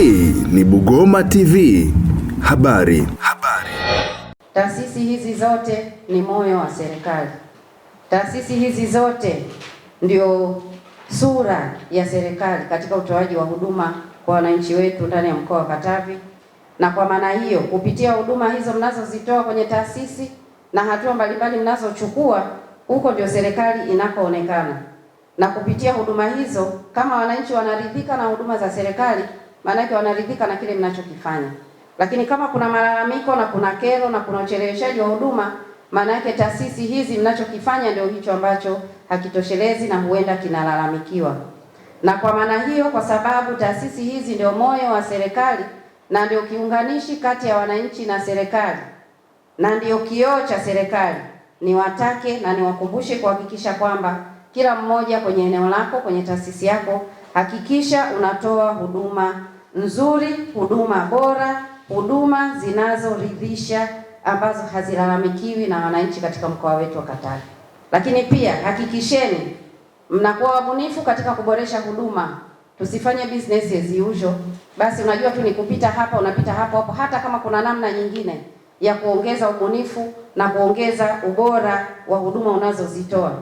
Hii ni Bugoma TV. Habari. Habari. Taasisi hizi zote ni moyo wa serikali. Taasisi hizi zote ndio sura ya serikali katika utoaji wa huduma kwa wananchi wetu ndani ya mkoa wa Katavi. Na kwa maana hiyo, kupitia huduma hizo mnazozitoa kwenye taasisi na hatua mbalimbali mnazochukua huko, ndio serikali inakoonekana. Na kupitia huduma hizo, kama wananchi wanaridhika na huduma za serikali maanake wanaridhika na kile mnachokifanya. Lakini kama kuna malalamiko na kuna kero na kuna ucheleweshaji wa huduma, maanake taasisi hizi mnachokifanya ndio hicho ambacho hakitoshelezi na huenda kinalalamikiwa. Na kwa maana hiyo, kwa sababu taasisi hizi ndio moyo wa serikali na ndio kiunganishi kati ya wananchi na serikali na ndio kioo cha serikali, niwatake na niwakumbushe kuhakikisha kwamba kila mmoja kwenye eneo lako, kwenye taasisi yako, hakikisha unatoa huduma nzuri, huduma bora, huduma zinazoridhisha ambazo hazilalamikiwi na wananchi katika mkoa wetu wa Katavi. Lakini pia hakikisheni mnakuwa wabunifu katika kuboresha huduma, tusifanye business as usual. Basi unajua tu ni kupita hapa, unapita hapo hapo, hata kama kuna namna nyingine ya kuongeza ubunifu na kuongeza ubora wa huduma unazozitoa,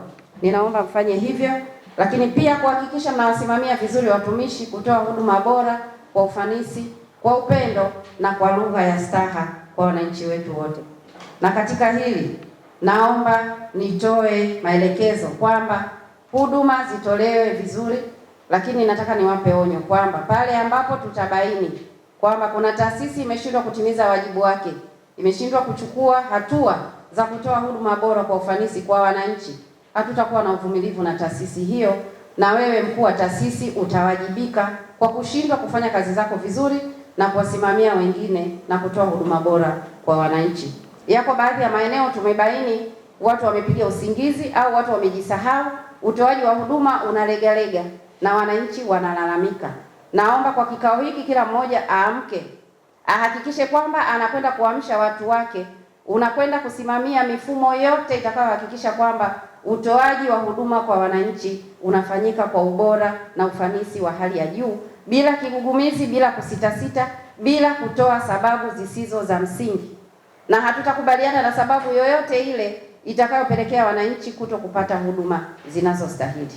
ninaomba mfanye hivyo, lakini pia kuhakikisha mnawasimamia vizuri watumishi kutoa huduma bora kwa ufanisi, kwa upendo na kwa lugha ya staha kwa wananchi wetu wote. Na katika hili naomba nitoe maelekezo kwamba huduma zitolewe vizuri, lakini nataka niwape onyo kwamba pale ambapo tutabaini kwamba kuna taasisi imeshindwa kutimiza wajibu wake, imeshindwa kuchukua hatua za kutoa huduma bora kwa ufanisi kwa wananchi, hatutakuwa na uvumilivu na taasisi hiyo na wewe mkuu wa taasisi utawajibika kwa kushindwa kufanya kazi zako vizuri na kuwasimamia wengine na kutoa huduma bora kwa wananchi. Yako baadhi ya maeneo tumebaini watu wamepiga usingizi au watu wamejisahau, utoaji wa huduma unalegalega na wananchi wanalalamika. Naomba kwa kikao hiki kila mmoja aamke, ahakikishe kwamba anakwenda kuamsha watu wake unakwenda kusimamia mifumo yote itakayohakikisha kwamba utoaji wa huduma kwa wananchi unafanyika kwa ubora na ufanisi wa hali ya juu bila kigugumizi, bila kusitasita, bila kutoa sababu zisizo za msingi, na hatutakubaliana na sababu yoyote ile itakayopelekea wananchi kuto kupata huduma zinazostahili.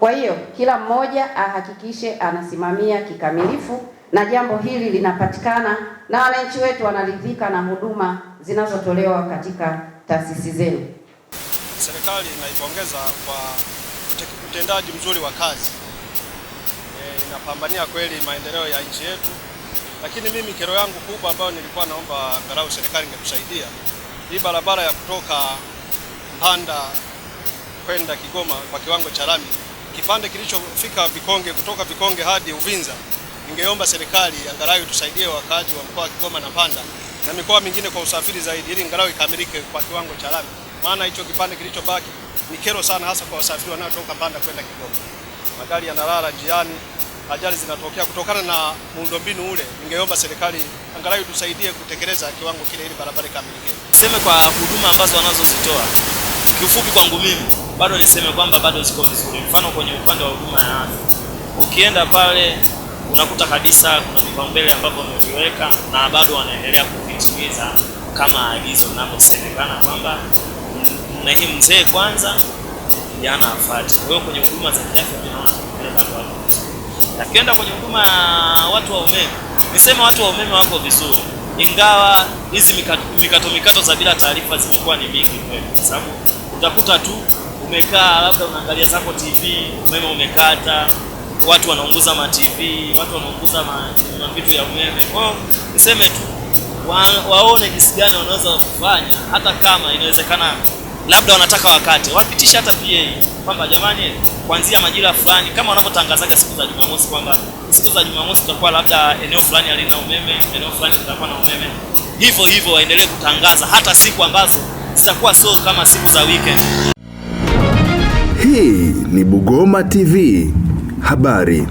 Kwa hiyo kila mmoja ahakikishe anasimamia kikamilifu na jambo hili linapatikana na wananchi wetu wanaridhika na huduma zinazotolewa katika taasisi zenu. Serikali inaipongeza kwa utendaji mzuri wa kazi e, inapambania kweli maendeleo ya nchi yetu, lakini mimi kero yangu kubwa ambayo nilikuwa naomba angalau serikali ingetusaidia hii barabara ya kutoka Mpanda kwenda Kigoma kwa kiwango cha lami, kipande kilichofika Vikonge, kutoka Vikonge hadi Uvinza ningeomba serikali angalau tusaidie wakaaji wa mkoa wa Kigoma na Mpanda na mikoa mingine kwa usafiri zaidi, ili angalau ikamilike kwa kiwango cha lami, maana hicho kipande kilichobaki ni kero sana, hasa kwa wasafiri wanaotoka Mpanda kwenda Kigoma. Magari yanalala njiani, ajali zinatokea kutokana na muundombinu ule. Ningeomba serikali angalau tusaidie kutekeleza kiwango kile, ili barabara ikamilike. Niseme kwa huduma ambazo wanazozitoa kiufupi, kwangu mimi bado niseme kwamba bado ziko vizuri. Mfano kwenye upande wa huduma ya afya, ukienda pale unakuta kabisa kuna vipaumbele ambavyo wameviweka na bado wanaendelea kuvitimiza kama agizo linavyosemekana kwamba mnahi mzee kwanza, vijana wafuate. Kwa hiyo kwenye huduma za kiafya tunaona vile bado wako vizuri, kwenye huduma ya watu wa umeme, nisema watu wa umeme wako vizuri, ingawa hizi mikato mikato, mikato za bila taarifa zimekuwa ni mingi kweli, kwa sababu utakuta tu umekaa labda unaangalia zako TV, umeme umekata watu wanaunguza ma TV, watu wanaunguza ma vitu ya umeme. Kwa hiyo niseme tu wa, waone jinsi gani wanaweza kufanya, hata kama inawezekana labda wanataka wakati wapitisha hata PA kwamba jamani, kuanzia majira fulani kama wanavyotangazaga siku za Jumamosi kwamba siku za Jumamosi tutakuwa labda eneo fulani halina umeme, eneo fulani litakuwa na umeme. Hivyo hivyo waendelee kutangaza hata siku ambazo zitakuwa sio kama siku za weekend. Hii ni Bugoma TV. Habari.